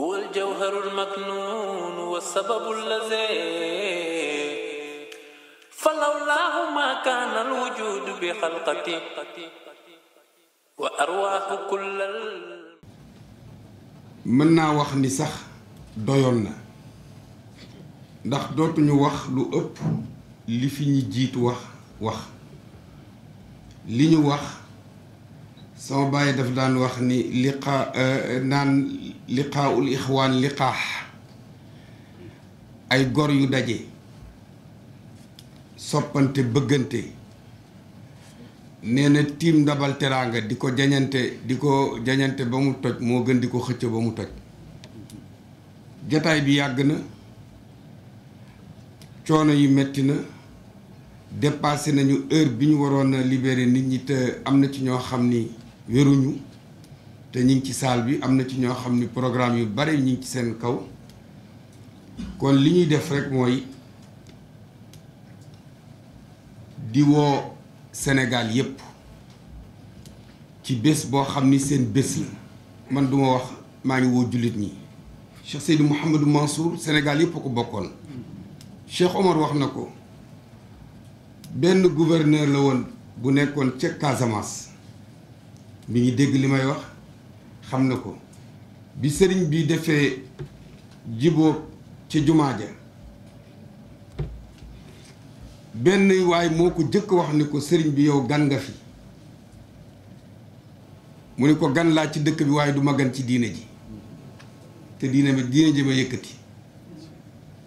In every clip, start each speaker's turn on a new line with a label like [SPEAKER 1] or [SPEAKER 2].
[SPEAKER 1] هو الجوهر المكنون والسبب الذي فلولاه ما كان الوجود بخلقتي وأرواح كل
[SPEAKER 2] mën naa wax ni sax doyoon na ndax dootuñu wax lu ëpp li fi ñu jiitu wax wax li ñu wax sama bàyyi daf daan wax ni liqa euh, naan liqaaul ixwaan liqaax ay gor yu daje soppante bëggante nee na tiim ndabal teraanga di ko jañante di ko jañante ba mu toj moo gën di ko xëcc ba mu toj jataay bi yàgg na coono yi metti na dépassé nañu heure bi ñu waroon a libéré nit ñi te am na ci ñoo xam ni wéruñu te ñu ngi ci saal bi am na ci ñoo xam ni programme yu bari ñu ngi ci seen kaw kon li ñuy def rek mooy di woo Sénégal yépp ci bés boo xam ni seen bés la man duma wax maa ngi woo jullit ñi Cheikh Seydou Mouhamadou Mansour Sénégal yépp a ko bokkoon Cheikh Omar wax na ko benn gouverneur la woon bu nekkoon ca Casamance mi ngi dégg li may wax xam na ko bi sëriñ bi defee jibóob ci jumaa ja benn waay moo ko jëkk wax ni ko sëriñ bi yow gan nga fi mu ni ko gan laa ci dëkk bi waaye du gan ci diine ji te diine bi diine ji ma yëkkati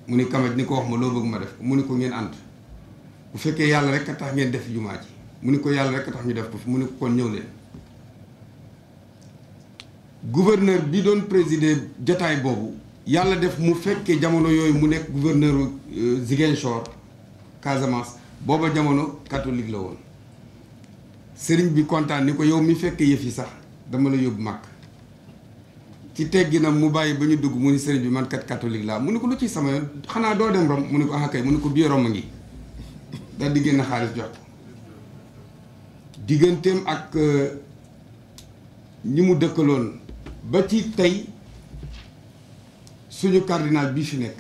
[SPEAKER 2] mu ni kamaj ni ko wax ma loo bëgg ma def mu ne ko ngeen ànd bu fekkee yàlla rek a tax ngeen def jumaa ji mu ne ko yàlla rekk a tax ñu def ko fi mu ne ko kon ñëw leen gouverneur bi doon présider jotaay boobu yàlla def mu fekkee jamono yooyu mu nekk gouverneur euh, Ziguinchor Casamance booba jamono catholique la woon sëriñ bi kontaan ni ko yow mi fekkee yëf yi sax dama la yóbbu mag ci teggi na mu bàyyi ba ñu dugg mu ni sëriñ bi man kat catholique laa mu ne ko lu ci sama yoon xanaa doo dem Rome mu ne ko ah kay mu ne ko bii Rome ngi dal di génn xaalis jox digganteem ak euh, ñi mu dëkkaloon. ba ci tey suñu cardinal bi fi nekk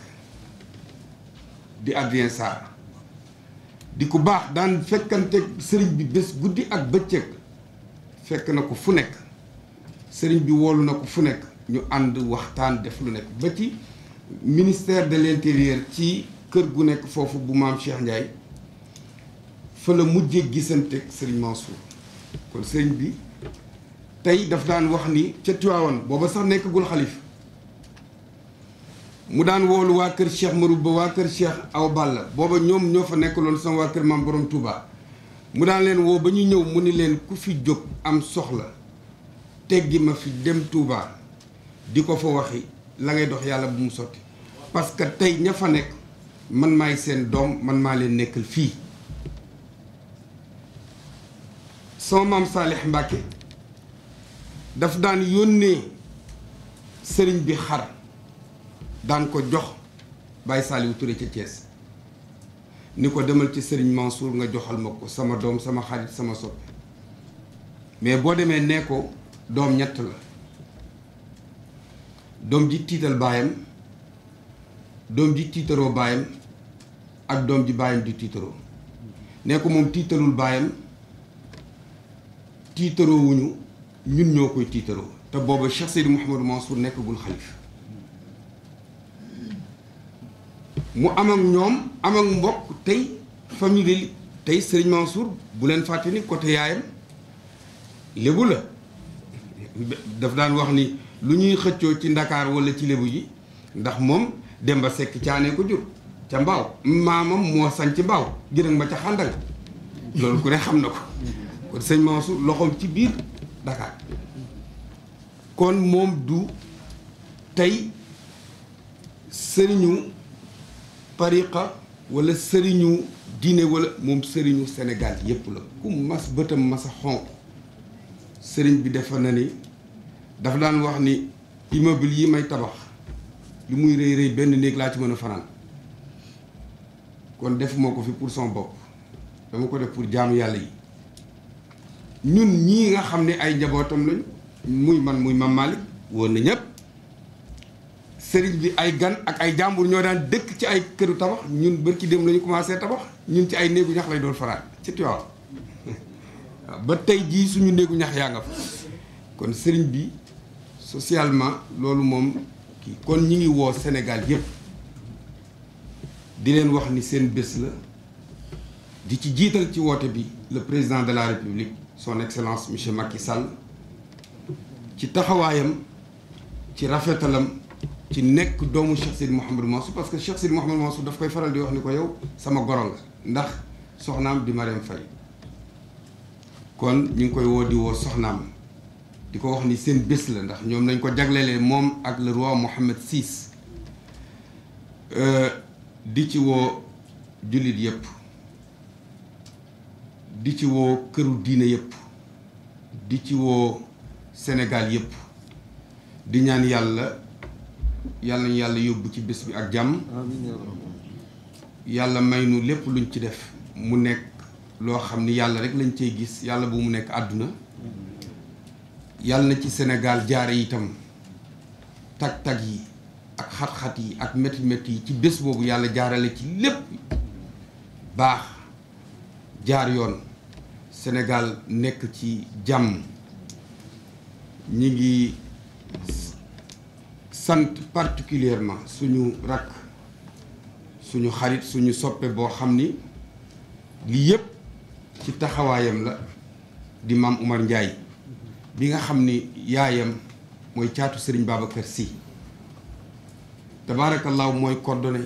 [SPEAKER 2] di Adrien Sarr di ku baax daan fekkante sëriñ bi bés guddi ak bëccëg fekk na ko fu nekk sëriñ bi woolu na ko fu nekk ñu ànd waxtaan def lu nekk ba ci ministère de l'intérieur ci kër gu nekk foofu bu maam Cheikh Ndiaye fa la mujjee gisante ak sëriñ Mansour kon sëriñ bi tey daf daan wax ni ca Tiwaawan booba sax nekkagul xalifa mu daan woolu waa kër Cheikh Marou Ba waa kër Cheikh Aw Balla booba ñoom ñoo fa nekkaloon sama waa kër maam borom Touba mu daan leen woo ba ñu ñëw mu ni leen ku fi jóg am soxla teggi ma fi dem tuubaa di ko fa waxi la ngay dox yàlla bu mu sotti parce que tey ña fa nekk man maay seen doom man maa leen nekkal fii sama maam Saalix Mbàkke daf daan yónnee sëriñ bi xar daan ko jox Baye Saliou Touré ca Thiès ni ko demal ci sëriñ Mansour nga joxal ma ko sama doom sama xarit sama soppe mais boo demee nee ko doom ñett la doom ji tiital baayam doom ji tiitaroo baayam ak doom ji baayam di tiitaroo nee ko moom tiitarul baayam tiitaroo ñun ñoo koy tiitaroo te booba Cheikh Seydi Mouhamadou Mansour nekkagul xalif mu am ak ñoom am ak mbokk tey famille tey Serigne Mansour bu leen fàtte ni côté yaayam lébu la daf daan wax ni lu ñuy xëccoo ci Ndakaar walla ci lebu yi ndax moom Demba Seck caanee ko jur ca mbaaw maamam moo sañ ci mbaaw jërëg ma ca xàndal loolu ku ne xam na ko kon sëñ Mansour loxoom ci biir Dakar kon moom du tey sëriñu tariqa walla sëriñu diine walla moom sëriñu senegal yépp la ku mas bëtam mas xonq sëriñ bi defa na ni dafa daan wax ni immeuble yi may tabax lu muy rëy rëy benn néeg laa ci mën a fanaan kon def ko fi pour son bopp dama ko def pour jaamu yàlla yi ñun ñii nga xam ne ay njabootam lañu muy man muy Mame Malick woon na ñëpp sëriñ bi ay gan ak ay jàmbur ñoo daan dëkk ci ay këru tabax ñun bërki dem lañu commencé tabax ñun ci ay néegu ñax lay doon faraat ci Tiwaawan ba tey jii suñu néegu ñax yaa nga fa kon sëriñ bi socialement loolu moom kii kon ñi ngi woo Sénégal yëpp di leen wax ni seen bés la di ci jiital ci woote bi le président de la République son excellence monsieur Macky Sall ci taxawaayam ci rafetalam ci nekk doomu Cheikh Sidi Mouhamadou Mansour parce que Cheikh Sidi Mouhamadou Mansour daf koy faral di wax ni ko yow sama goro la ndax soxnaam di Marième Faye kon ñu ngi koy woo di woo soxnaam di ko wax ni seen bés la ndax ñoom nañ ko jaglelee moom ak le roi Mohammed VI euh, di ci woo jullit yépp di ci woo këru diine yëpp di ci woo Sénégal yépp di ñaan yàlla yàlla ñu yàlla yóbbu ci bés bi ak jàmm yàlla may nu lépp luñ ci def mu nekk loo xam ni yàlla rek lañ cey gis yàlla bu mu nekk àdduna yàlla na ci Sénégal jaare itam tag-tag yi ak xat-xat yi ak métti métti yi ci bés boobu yàlla jaarale ci lépp baax jaar yoon Sénégal nekk ci jàmm ñi ngi sant particulièrement suñu rakk suñu xarit suñu soppe boo xam ni lii yëpp ci taxawaayam la di maam Oumar Ndiaye bi nga xam ni yaayam mooy caatu Serigne Babacar Sy tabaarakallaahu mooy coordonné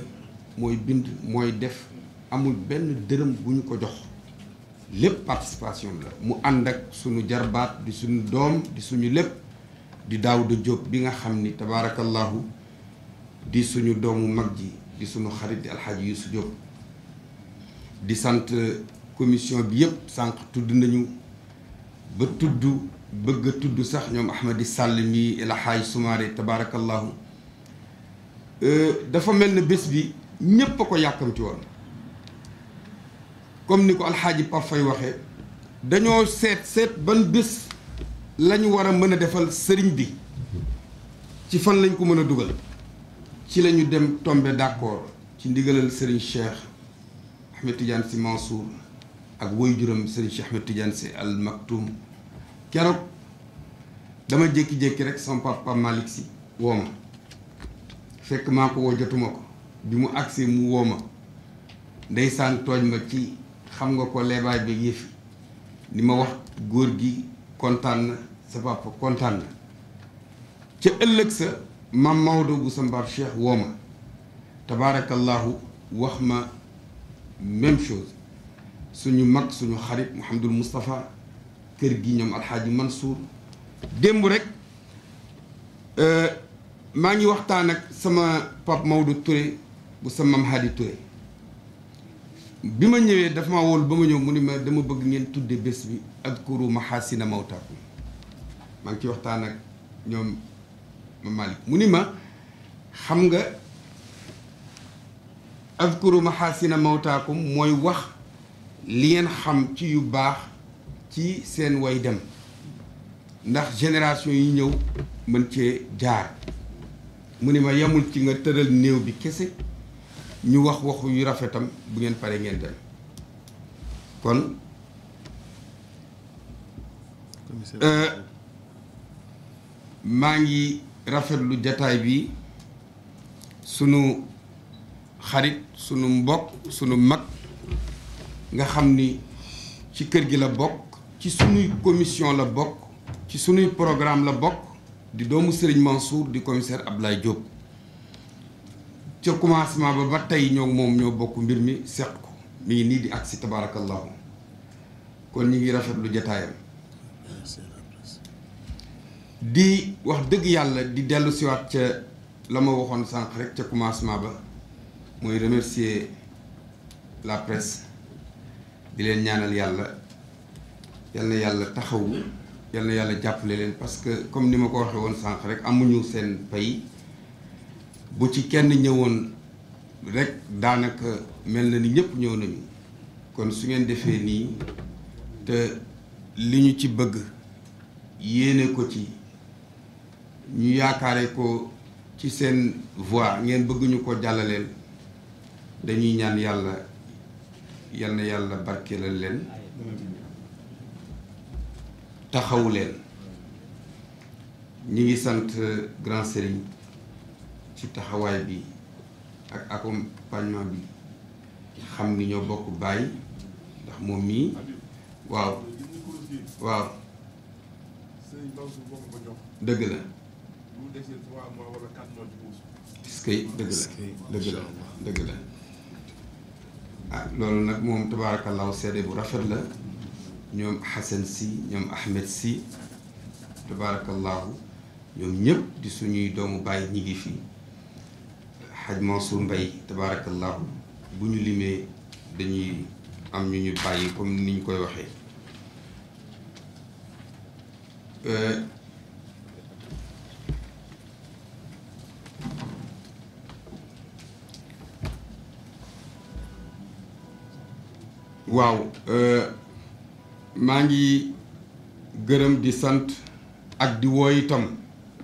[SPEAKER 2] mooy bind mooy def amul benn dërëm bu ñu ko jox lépp participation la mu ànd ak suñu jarbaat di suñu doom di suñu lépp di Daouda Diop bi nga xam ni tabaarakallahu di suñu doomu mag ji di suñu xarit di alxaaji Yuusu Diop di sant commission bi yëpp sànq tudd nañu ba tudd bëgg tudd sax ñoom Ahmadi Sall mi alxaaji Soumaré tabaarakallahu euh, dafa mel ne bés bi ñépp a ko yàkkamti woon comme ni ko alxaaji fay waxee dañoo seet seet ban bés lañu ñu war a mën a defal sëriñ bi ci fan lañ ko mën a dugal ci la ñu dem tombe d'accord ci ndigalal sëriñ Cheikh Ahmed Tidiane si Mansour ak woy-juram sëriñ Cheikh Ahmed Tidiane si al Maktoum keroog dama jékki-jékki rek sama papa Malick si woo ma fekk maa ko woo jotuma ko bi mu agsee mu woo ma ndeysaan tooñ ma ci xam nga ko leebaay bi yëf li ma wax góor gi kontaan na sa papa kontaan na ca ëllëg sa maam Maodo bu sa mbaar Cheikh woo ma tabaarakallaahu wax ma même chose suñu mag suñu xarit Mouhamadul Moustapha kër gi ñoom alxaaji Mansour démb rek euh, maa ngi waxtaan ak sama pap Maodo ture bu sa mam Hadi Touré bi ma ñëwee daf maa wóolu ba ma ñëw mu ni ma dama bëgg ngeen tudde bés bi adkuru mahasina mawtakum maa ngi ci waxtaan ak ñoom ma Malick mu ni ma xam nga adkuru mahasina mawtakum mooy wax li ngeen xam ci yu baax ci seen way dem ndax génération yi ñëw mën cee jaar mu ni ma yamul ci nga tëral néew bi kese ñu wax waxu yu rafetam bu ngeen pare ngeen dem kon euh, maa ngi rafetlu jataay bi sunu xarit sunu mbokk sunu mag nga xam ni ci kër gi la bokk ci sunuy commission la bokk ci sunuy programme la bokk di doomu Serigne Mansour di commissaire Ablaye Diop ca commencement ba ba tey ñoo moom ñoo bokk mbir mi seq ko mi ngi nii di ak si tabaarakallahu kon ñu ngi rafetlu jataayam di wax dëgg yàlla di dellu siwaat ca la ma waxoon sànq rek ca commencement ba mooy remercier la presse di leen ñaanal yàlla yal na yàlla taxawu yal yàlla jàppale leen parce que comme ni ma ko waxee woon sànq rek amuñu seen pay bu ci kenn ñëwoon rek daanaka mel na ni ñëpp ñëw nañu kon su ngeen defee nii te li ñu ci bëgg yéene ko ci ñu yaakaare ko ci seen voix ngeen bëgguñu ñu ko jàllaleel dañuy ñaan yàlla yal na yàlla leen taxawu leen ñi ngi sant grand sëriñ ci taxawaay bi ak accompagnement bi xam ni ñoo bokk bàyyi ndax moom mii waaw waaw dëgg la
[SPEAKER 3] piskay dëgg la dëgg la
[SPEAKER 2] dëgg la ah loolu nag moom tabaarakallaahu seede bu rafet la ñoom Xasan si ñoom Ahmed si tabaarakallaahu ñoom ñëpp di suñuy doomu bàyyi ñi ngi fii xaj Mansour Mbaye tabaarakallaahu bu ñu limee dañuy am ñu ñu bàyyi comme ni ñu koy waxee euh, waaw euh, maa ngi gërëm di sant ak di woo itam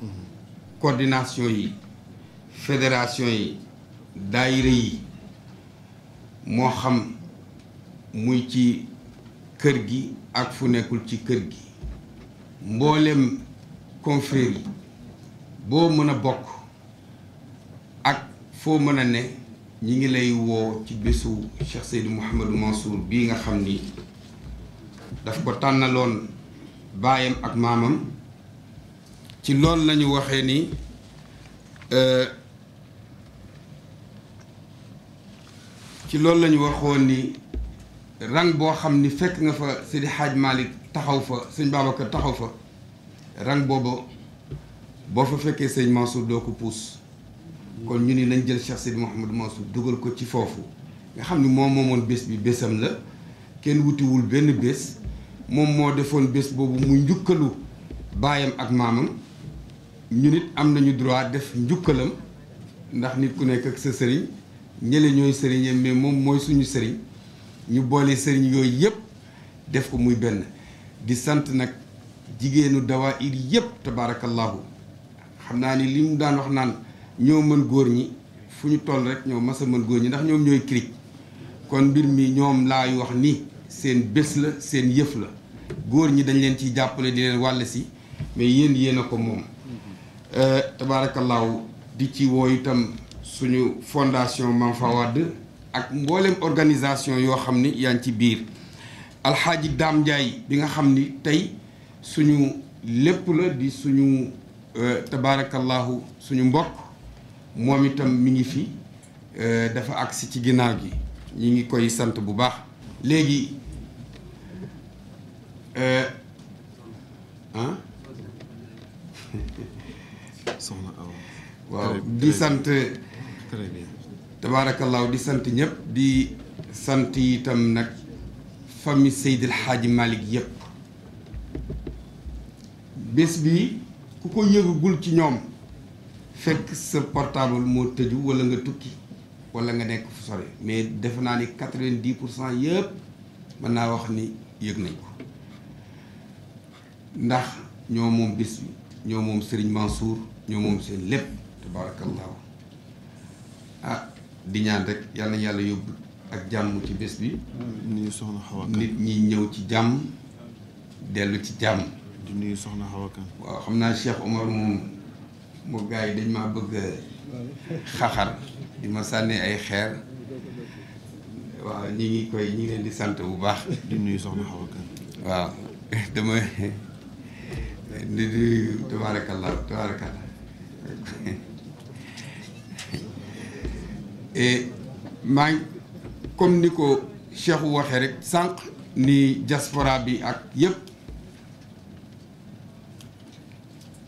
[SPEAKER 2] mm-hmm. yi fédération yi daayira yi moo xam muy ci kër gi ak fu nekkul ci kër gi mboolem confrères yi boo mën a bokk ak foo mën a ne ñi ngi lay woo ci bésu Cheikh Seydou Mouhamadou Mansour bii nga xam ni daf ko tànnaloon baayam ak maamam ci loolu lañu waxee ni euh, ci loolu la ñu waxoon ni rang boo xam ni fekk nga fa Seydi xaaj Malick taxaw fa sëñ Babacar taxaw fa rang boobu boo fa fekkee sëñ Mansour doo ko puus kon ñu ni lañ jël Cheikh Seydi Mouhamadou Mansour dugal ko ci foofu nga xam ni moom moomoon bés bi bésam la kenn wutiwul benn bés moom moo defoon bés boobu mu njukkalu baayam ak maamam ñu nit am nañu droit def njukkalam ndax nit ku nekk ak sa sëriñ ñële ñooy sëriñam mais moom mooy suñu sëriñ ñu boole sëriñ yooyu yëpp def ko muy benn di sant nag jigéenu dawaa ir yëpp tabaarakallahu xam naa ni li mu daan wax naan ñoo mën góor ñi fu ñu toll rek ñoo mas a mën góor ñi ndax ñoom ñooy cric kon mbir mi ñoom laay wax ni seen bés la seen yëf la góor ñi dañ leen ciy jàppale di leen wàll si mais yéen yéen ko moom mm-hmm. euh, tabaarakallahu di ci woo itam suñu fondation Mame Fawade ak mboolem organisation yoo xam ne yaa ngi ci biir alxaaji Dame Ndiaye bi nga xam ni tey suñu lépp la di suñu euh, tabaarakallahu suñu mbokk moom itam mi ngi fi euh, dafa agsi ci ginnaaw gi ñu ngi koy sant bu baax léegi ah di sant très bien tabaarakallaahu di sant ñëpp di sant itam nag famille Seydil Hadji Malick yëpp bés bi ku ko yëgagul ci ñoom fekk sa portable moo tëju wala nga tukki wala nga nekk fu sore mais defe naa ni quatre vingt pour cent yëpp mën naa wax ni yëg nañ ko ndax ñoo moom bés bi ñoo moom Serigne Mansour ñoo moom seen lépp tabaarakallaahu ah di ñaan rek yal na yàlla yóbbu ak jàmm ci bés bi. Mm, di nuyu soxna Awa Kane nit ñi ñëw ci jàmm dellu ci jàmm. di nuyu soxna Awa waaw xam naa Cheikh Omar moom moo gars yi dañ ma bëgg xaxar di ma sànni ay xeer waaw ñi ngi koy ñi leen di sant bu baax. di nuyu soxna Awa Kane. waaw dama di nuyu tabaarakallah tabaarakallah. maa ngi comme ni ko Cheikh waxee rek sànq ni diaspora bi ak yëpp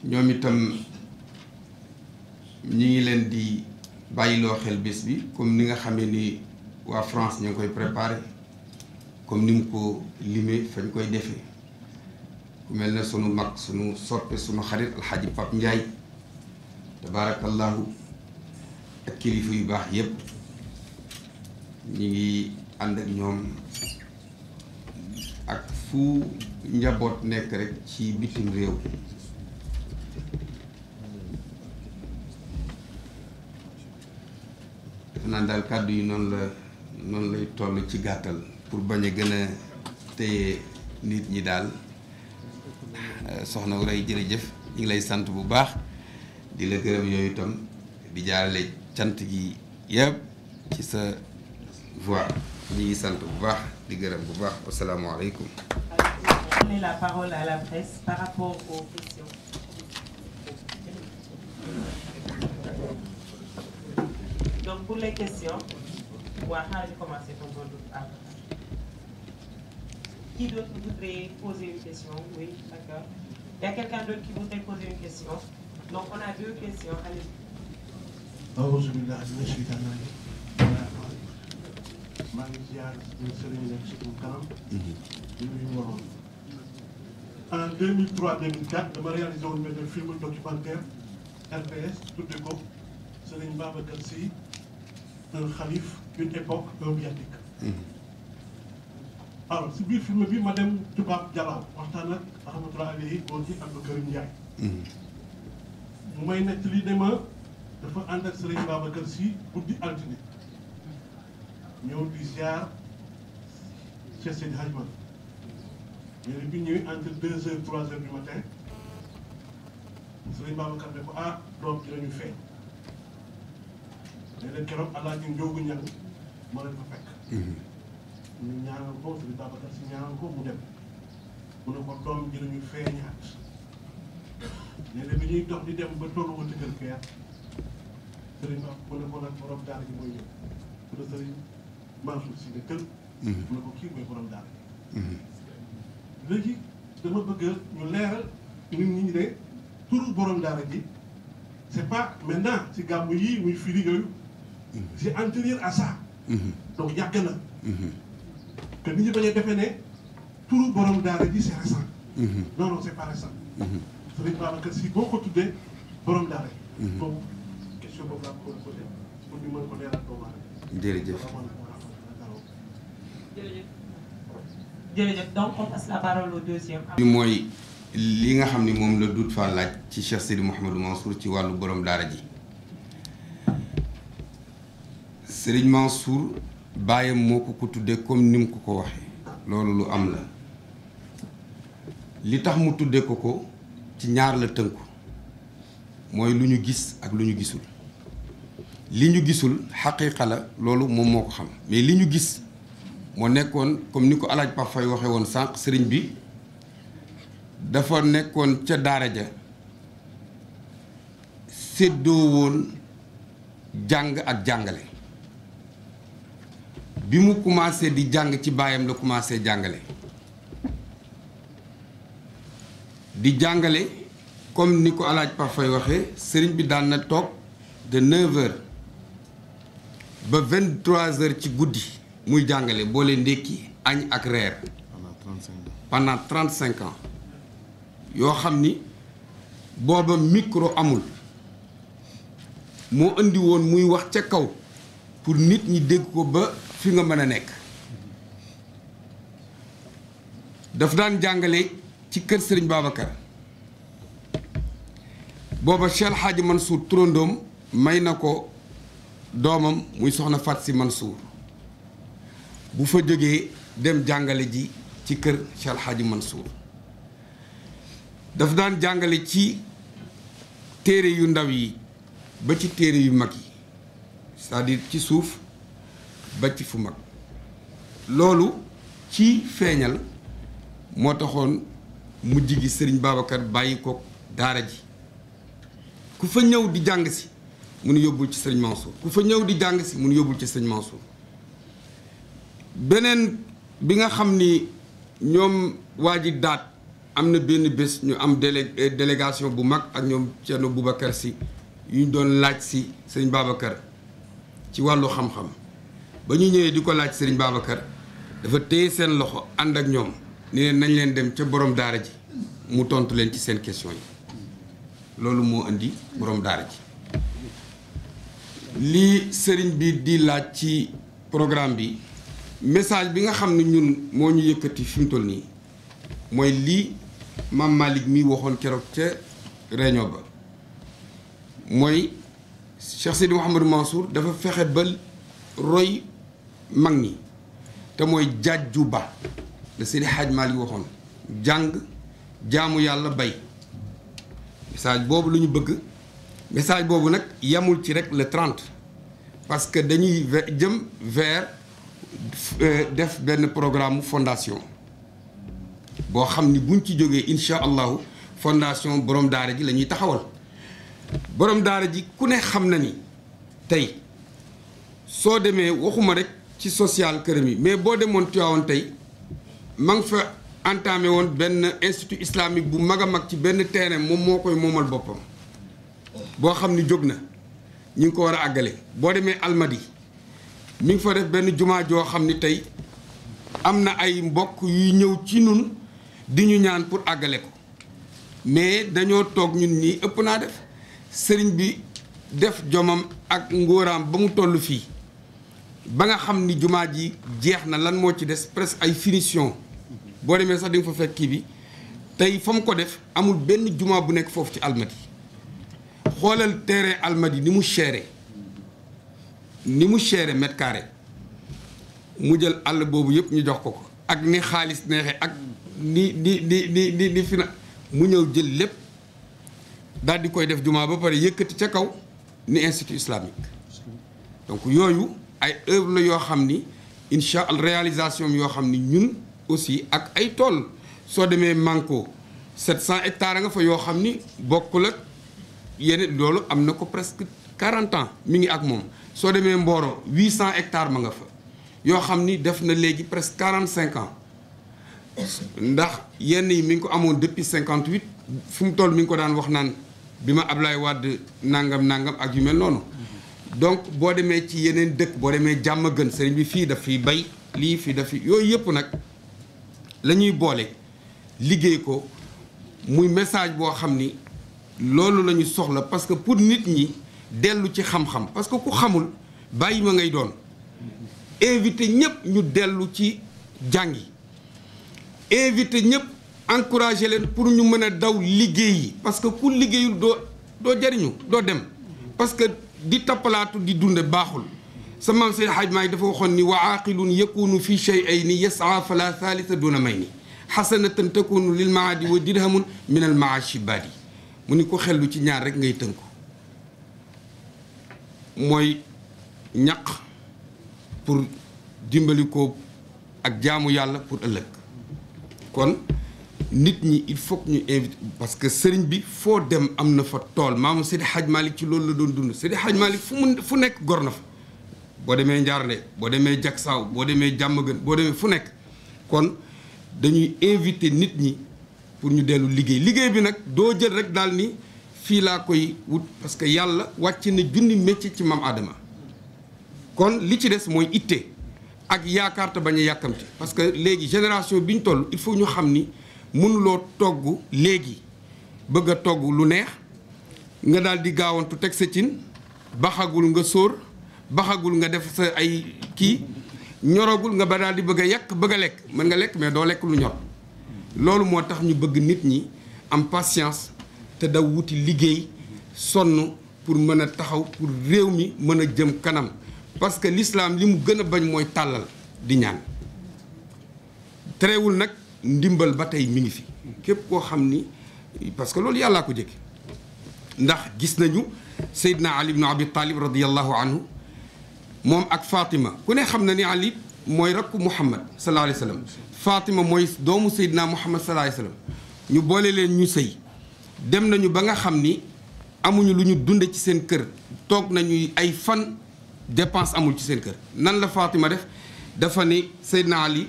[SPEAKER 2] ñoom itam ñu ngi leen di bàyyiloo xel bés bi comme ni nga xamee ni waa France ñoo ngi koy préparé comme ni mu ko limee fañ koy defee ku mel ne sunu mag sunu soppe suma xarit alxaaji Pap Njaay tabaarakallahu ak kilifa yu baax yépp ñu ngi ànd ak ñoom ak fu njaboot nekk rek ci bitim réew defe naa daal kàddu yi noonu la noonu lay toll ci gàttal pour bañ a gën a téye nit ñi daal soxna Wuraye jërëjëf ñu ngi lay sant bu baax di la gërëm yooyu itam di jaarale cant gi yëpp ci sa voix ñu ngi sant bu baax di gërëm bu baax asalaamaaleykum.
[SPEAKER 4] Donnez la parole à la presse par rapport aux questions.
[SPEAKER 3] Donc pour les questions, waa xaaral ñu commencé par Modou Abba. Qui d'autre voudrait poser une question? Oui, d'accord. Il y a quelqu'un on a deux questions. awuzu billaahi mina sheytaani rajiim maa ngi ziar ñun sëriñ yi nekk suñu kanam. ñu ngi ñu waroon. en 2003 2004 dama réalisé woon benn film documentaire RTS tudde ko Sëriñ Babacar Sy un xalif une époque un viatique. alors si biir film bi ma dem tubaab Jalaaw waxtaan ak rahmatulah alayhi góor gi Abdou Karim Ndiaye. mu may nekk lii ne ma. dafa ànd ak Serigne Babacar Sy guddi altine ñëw di ziar ca seen hajman mais ne bi ñëwee entre deux heures trois heures du matin Serigne Babacar ne ko ah doom dinañu feeñ mais nag keroog alaaji Njóogu Ñaŋ moo leen fa fekk mhm. ñu ñaanal ko Serigne Babacar Sy ñaanal ko mu dem mu ne ko doom dinañu feeñaat mais ne bi ñuy dox di dem ba tollu wëtëgal keer sëriñ ma wala wala borom daara ji mooy ñëw mu ne sëriñ Mansour si ne kër. mu ne ko kii mooy borom daara
[SPEAKER 4] ji. Mhm.
[SPEAKER 3] léegi dama bëgg ñu leeral ñun ñi ne turu borom daara ji c'est pas maintenant ci gàmm yii muy firi yooyu. Mhm. c'est antérieur à ça. Mhm. donc yàgg na. que nit ñi bañ a ne turu borom daara ji c'est récent. non non c'est pas récent. sëriñ si boo ko tuddee borom daara ji. question jërëjëf
[SPEAKER 1] jërëjëf
[SPEAKER 2] mooy li nga xam ni moom la Doudou Fall ci Cheikh Sidi Mouhamadou Mansour ci wàllu borom daara ji Serigne Mansour bàyyam moo ko ko tuddee comme ni mu ko ko waxe loolu lu am la li tax mu tuddee ko ko ci ñaar la tënku mooy lu ñu gis ak lu ñu gisul li ñu gisul xaqiqa la loolu moom moo ko xam mais li ñu gis moo nekkoon comme ni ko alaaj Pap Fay waxe woon sànq sëriñ bi dafa nekkoon ca daara ja séddoo woon jàng ak jàngale bi mu commencé di jàng ci baayam la commencé jàngale di jàngale comme ni ko alaaj Pap Fay waxe sëriñ bi daan na toog de 9 ba vingt trois heures ci guddi muy jàngale boole ndékki añ ak reer trente cinq ans yoo xam ni booba micro amul moo indi woon muy wax ca kaw pour nit ñi dégg ko ba fi nga mën a nekk daf daan jàngale ci kër Serigne Babacar booba Cheikh Hadji Mansour turandoom may na ko doomam muy soxna Fat si Mansour bu fa jógee dem jàngale ji ci kër Cheikh El Hadji Mansour daf daan jàngale ci téere yu ndaw yi ba ci téere yu mag yi cest à ci suuf ba ci fu mag loolu ci feeñal moo taxoon mu gi sëriñ Babacar bàyyi ko daara ji ku fa ñëw di jàng si mu nu yóbbul ci sëñ Mansour ku fa ñëw di jàng si mu nu yóbbul ci sëñ Mansour beneen bi nga xam ni ñoom waa ji daat am na benn bés ñu am délé eh, délégation bu mag ak ñoom Thierno Boubacar si yu ñu doon laaj si sëñ Babacar ci wàllu xam-xam ba ñu ñëwee di ko laaj sëriñ Babacar dafa téye seen loxo ànd ak ñoom ni leen nañ leen dem ca borom daara ji mu tontu leen ci seen question yi loolu moo indi borom daara ji. lii sëriñ bi di laaj ci programme bi message bi nga xam ne ñun moo ñu yëkkati fi mu toll nii mooy lii maam malik mi waxoon keroog ca réunion ba mooy Cheikh Sidi Mouhamadou Mansour dafa fexe ba roy mag ñi te mooy jaajju ba da Sidi Hadj Malick waxoon jàng jaamu yàlla bay message boobu lu ñu bëgg message boobu nag yamul ci rek le 30 parce que dañuy jëm vers euh, def benn programme fondation boo xam ni buñ ci jógee incha allahu fondation borom daara ji la ñuy taxawal borom daara ji ku ne xam na ni tey soo demee waxuma rek ci social këram yi mais boo demoon Tivaouane tey ma ngi fa entamé woon benn institut islamique bu mag a mag ci benn terrain moom moo koy moomal boppam. boo xam ni jóg na ñu ngi ko war a àggale boo demee almadi mi ngi fa def benn jumaa joo xam ni tey am na ay mbokk yuy ñëw ci nun di ñu ñaan pour àggale ko mais dañoo toog ñun nii ëpp naa def sëriñ bi def jomam ak ngóoraam ba mu toll fii ba nga xam ni jumaa ji jeex na lan moo ci des presque ay finition boo demee sax di nga fa fekk bi tey fa mu ko def amul benn jumaa bu nekk foofu ci almadi xoolal terrain Almadies ni mu chéré ni mu chéré mètre carré mu jël àll boobu yëpp ñu jox ko ko ak ni xaalis neexe ak ni ni ni ni ni ni fina mu ñëw jël lépp daal di koy def jumaa ba pare yëkkati ca kaw ni institut islamique donc yooyu ay œuvre la yoo xam ni incha allah réalisation yoo xam ni ñun aussi ak ay tool soo demee manko 700 hectares nga fa yoo xam ni bokk la yeneen loolu am na ko presque quarante ans mi ngi ak moom soo demee mbooro Mboro cent hectares ma nga fa yoo xam ni def na léegi presque 45 ans ndax yenn yi mi ngi ko amoon depuis 58 fu mu toll mi ngi ko daan wax naan bi ma lay wàdd nangam nangam ak yu mel noonu. donc boo demee ci yeneen dëkk boo demee jàmm gën sëriñ bi fii daf bay lii fii daf fi yooyu yëpp nag la ñuy boole liggéey ko muy message boo xam ni. loolu la ñu soxla parce que pour nit ñi dellu ci xam-xam parce que ku xamul bàyyi ma ngay doon invité ñëpp ñu dellu ci jàngi invité ñëpp encouragé leen pour ñu mën a daw liggéey yi parce que ku liggéeyul doo doo jariñu doo dem parce que di tappalaatu di dunde baaxul sa maam Seydi Hajj Maalik dafa waxoon ni wa aaqilun yakunu fi shay'ayni yas'a fala thalitha duna may ni xasanatan takunu lil maadi wa dirhamun min al maashi baadi mu ni ko xellu ci ñaar rek ngay tënku mooy ñaq pour dimbali ko ak jaamu yàlla pour ëllëg kon nit ñi il faut ñu invité parce que sëriñ bi foo dem am na fa tool maamu Seydi Hadj Malick ci loolu la doon dund Seydi Hadj Malick fu mu fu nekk gor na fa boo demee Njaarnde boo demee Jaksaaw boo demee Jàmmagën boo demee fu nekk kon dañuy invité nit ñi pour ñu dellu liggéey liggéey bi nag doo jël rek daal ni fii laa koy wut parce que yàlla wàcc na junni métier ci maam Adama kon li ci des mooy itte ak yaakaar te bañ a yàkkamte parce que léegi génération bi ñu toll il faut ñu xam ni mënuloo togg léegi bëgg a togg lu neex nga daal di gaawantu teg sa cin baxagul nga sóor baxagul nga def sa ay kii ñorogul nga ba daal di bëgg a yàq lekk mën nga lekk mais doo lekk lu ñor. loolu moo tax ñu bëgg nit ñi am patience te daw wuti liggéey sonn pour mën a taxaw pour réew mi mën a jëm kanam parce que l'islam li mu gën a bañ mooy tàllal di ñaan terewul nag ndimbal ba tey mi ngi fi képp koo xam ni parce que loolu yàllaa ko jëkke ndax gis nañu Seydina Ali ibn Abi Talib radiyallahu anhu moom ak Fatima ku ne xam na ni Ali mooy rakku Muhammad sallallahu alayhi wa sallam Fatima mooy doomu Seydina Muhammad sallallahu alayhi wasallam ñu boole leen ñu sëy dem nañu ba nga xam ni amuñu lu ñu dunde ci seen kër toog nañu ay fan dépense amul ci seen kër nan la Fatima def dafa ne Seydina li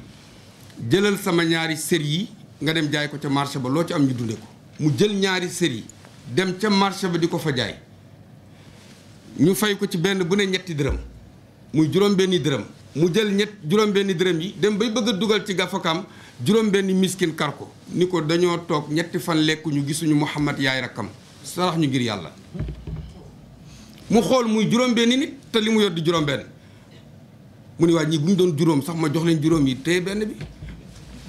[SPEAKER 2] jëlal sama ñaari sér yi nga dem jaay ko ca marché ba loo ci am ñu dunde ko mu jël ñaari sér yi dem ca marché ba di ko fa jaay ñu fay ko ci benn bu ne ñetti dërëm muy juróom benni dërëm mu jël ñett juróom-benni dërëm yi dem bay bëgg a dugal ci gafakam juróom-benni miskin kar ko ni ko dañoo toog ñetti fan lekkuñu gisuñu Muhammad yaay rakkam sarax ñu ngir yàlla mu xool muy juróom-benni nit te li mu yor di juróom-benn mu ni waa ñii bu ñu doon juróom sax ma jox leen juróom yi téye benn bi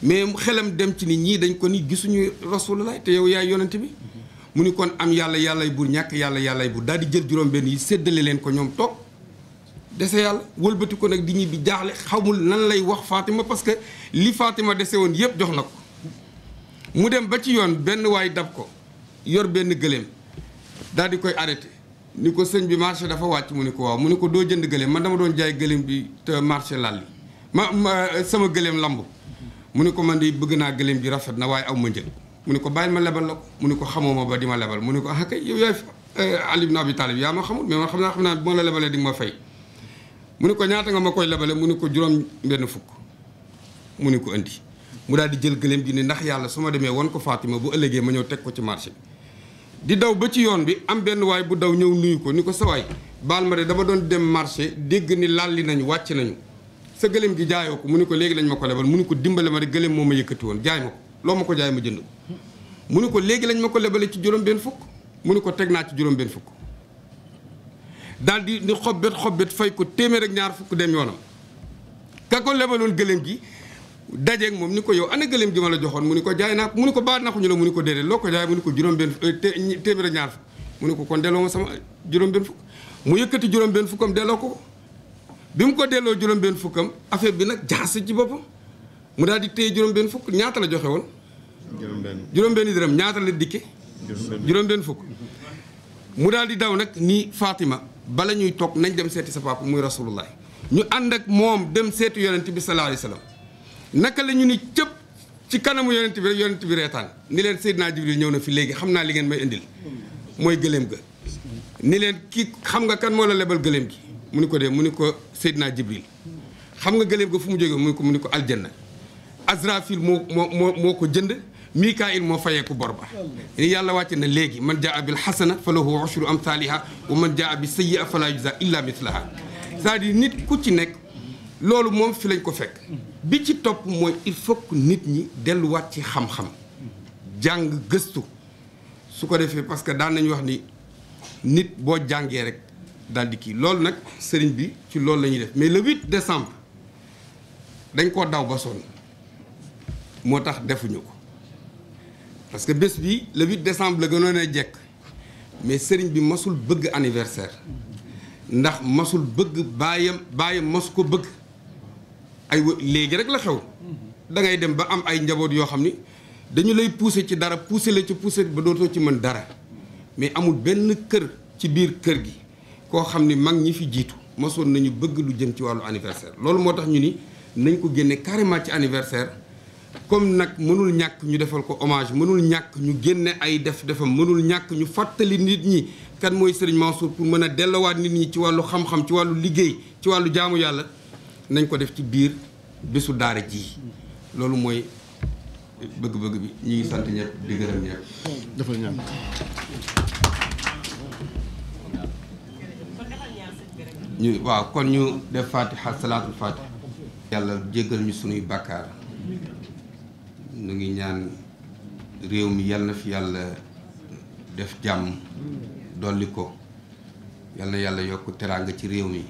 [SPEAKER 2] mais xelam dem ci ni ñii dañ ko ni gisuñu rasulullah te yow yaay yonent bi mu ni kon am yàlla yàllay buur ñàkk yàlla yàllay buur daal di jël juróom yi séddale leen ko ñoom toog dese yàlla wëlbati ko nag di ñibbi jaaxle xamul nan lay wax Fatima parce que li Fatima dese woon yëpp jox na ko mu dem ba ci yoon benn waay dab ko yor benn gëléem daal di koy arrêté ni ko sëñ bi marché dafa wàcc mu ne ko mu ne ko doo jënd gëléem man dama doon jaay gëléem bi te marché lal li ma ma sama gëléem lamb mu ne ko man di bëgg naa gëléem bi rafet na waaye aw ma njël mu ne ko bàyyil ma lebal la ko mu ne ko xamoo ma ba di ma lebal mu ne ko ah kay yow yaay euh, Ali ibn Abi xam naa xam naa bu ma la lebalee di fay mu ne ko ñaata nga ma koy lebale mu ni ko juróom benn fukk mu ni ko indi mu daal di jël gëléem gi ni ndax yàlla su ma demee wan ko Fatima bu ëllëgee ma ñëw teg ko ci marché bi di daw ba ci yoon bi am benn waay bu daw ñëw nuyu ko ni ko sawaay baal ma de dama doon dem marché dégg ni lalli nañu wàcc nañu sa gëléem gi jaayoo ko mu ni ko léegi lañ ma ko lebal mu ne ko dimbale ma de gëléem moo ma yëkkati woon jaay ma ko loo ma ko jaay ma jënd ko mu ne ko léegi lañ ma ko lebale ci juróom benn fukk mu ko teg naa ci juróom benn fukk daal di ni xobbet xobbet fay ko téeméer ak ñaar fukk dem yoonam ka ko lebaloon gëléem gi dajeeg moom ni ko yow ana gëléem gi ma la joxoon mu ni ko jaay naa mu ni ko baat naa ko ñu mu ni ko déedéet loo ko jaay mu ni ko juróom-benn ñaar fukk mu ni ko kon delloo ma sama juróom-benn fukk mu yëkkati juróom-benn fukkam delloo ko bi mu ko delloo juróom-benn fukkam affaire bi nag jaase ci boppam mu daal di téye juróom-benn fukk ñaata la joxe woon. juróom-benn ñaata la dikke juróom fukk mu daal di daw nag ni Fatima. bala ñuy toog nañ dem seeti sa papa muy rasulullah ñu ànd ak moom dem seeti yonent bi sallallahu alayhi wasallam naka la ñu ni cëp ci kanamu yonent bi rek yonent bi reetaan ni leen Seydina Jibril ñëw na fi léegi xam naa li ngeen may indil mooy gëléem ga ni leen kii xam nga kan moo la lebal gëléem gi mu ni ko dee mu ni ko Seydina Jibril xam nga gëléem ga fu mu jógee mu ni ko mu ni ko aljanna Azrafil moo moo moo moo ko jënd Mikaayil moo fayeeku bor ba ni yàlla wàcc na léegi man jaa bil xasana fa lahu am amthaliha wa man jaa bi sayyi'a fala yujza illa mithlaha c'est-à-dire nit ku ci nekk loolu moom fi lañ ko fekk bi ci topp mooy il faut que nit ñi delluwaat ci xam-xam jàng gëstu su ko defee parce que daan nañu wax ni nit boo jàngee rek daal di kii loolu nag sëriñ bi ci loolu la ñuy def mais le 8 décembre dañ koo daw ba moo tax defuñu ko parce que bés bi le 8 décembre la gënoon a jekk mais sëriñ bi masul bëgg anniversaire ndax masul bëgg baayam baayam masu ko bëgg ay léegi rek la xew da ngay dem ba am ay njaboot yoo xam ni dañu lay pousser ci dara pousser la ci pousser ba dootoo ci mën dara mais amul benn kër ci biir kër gi koo xam ni mag ñi fi jiitu masoon nañu bëgg lu jëm ci wàllu anniversaire loolu moo tax ñu ni nañ ko génne carrément ci anniversaire comme nag mënul ñàkk ñu defal ko hommage mënul ñàkk ñu génne ay def defam mënul ñàkk ñu fàttali nit ñi kan mooy sëriñ Mansour pour mën a dellowaat nit ñi ci wàllu xam-xam ci wàllu liggéey ci wàllu jaamu yàlla nañ ko def ci biir bésu daara ji loolu mooy bëgg-bëgg bi ñu ngi sant ñëpp di gërëm ñëpp defal waaw kon ñu def fatiha salaatul fatiha yàlla jéggal ñu sunuy bàkkaar nu ngi ñaan réew mi yal na fi yàlla def jàmm dolli ko yal na yàlla yokk teraanga ci réew mi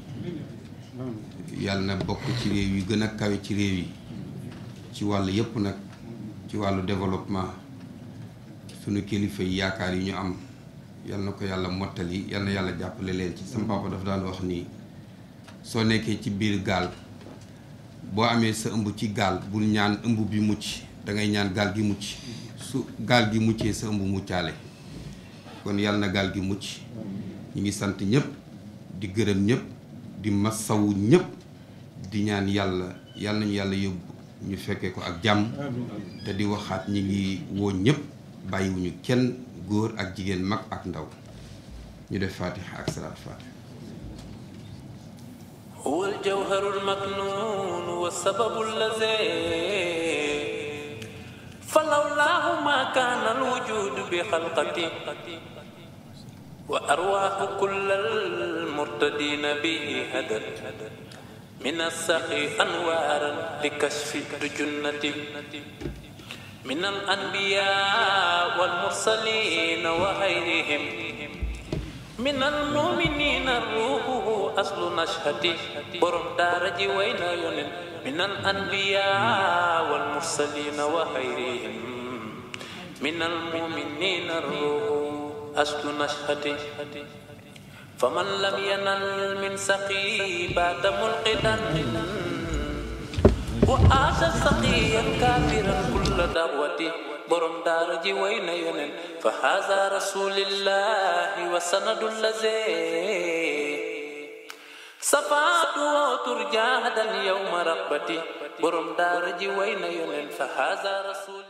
[SPEAKER 2] yal na bokk ci réew yi gën a kawe ci réew yi ci wàll yépp nag ci wàllu développement sunu kilifa yi yaakaar yi ñu am yal na ko yàlla mottali yal na yàlla jàppale leen ci sama papa dafa daan wax nii soo nekkee ci biir gaal boo amee sa ëmb ci gaal bul ñaan ëmb bi mucc da ngay ñaan gaal gi mucc su gaal gi muccee sa ëmb muccaale kon yàlla na gaal gi mucc ñu ngi sant ñëpp di gërëm ñépp di masawu ñépp di ñaan yàlla yàlla nañu yàlla yóbbu ñu fekkee ko ak jàmm te di waxaat ñi ngi woo ñëpp bàyyiwuñu kenn góor ak jigéen mag ak ndaw ñu def fatiha
[SPEAKER 1] ak salaat fatiha فلولاه ما كان الوجود بخلقتي وأرواح كل المرتدين به هدت من السخي أنوارا لكشف الجنة من الأنبياء والمرسلين وغيرهم من المؤمنين الروح أصل نشهتي برم دارجي وين ينن من الأنبياء والمرسلين وغيرهم من المؤمنين الروح أصل نشهتي فمن لم ينل من سقي بات ملقدا وآت سقيا كافرا كل دعوتي borom daara ji way na yonen fa haza rasulillahi wa sanadu laze safaatu wootur jaadan yowma rabbati borom daara ji way na yonen fa haza rasul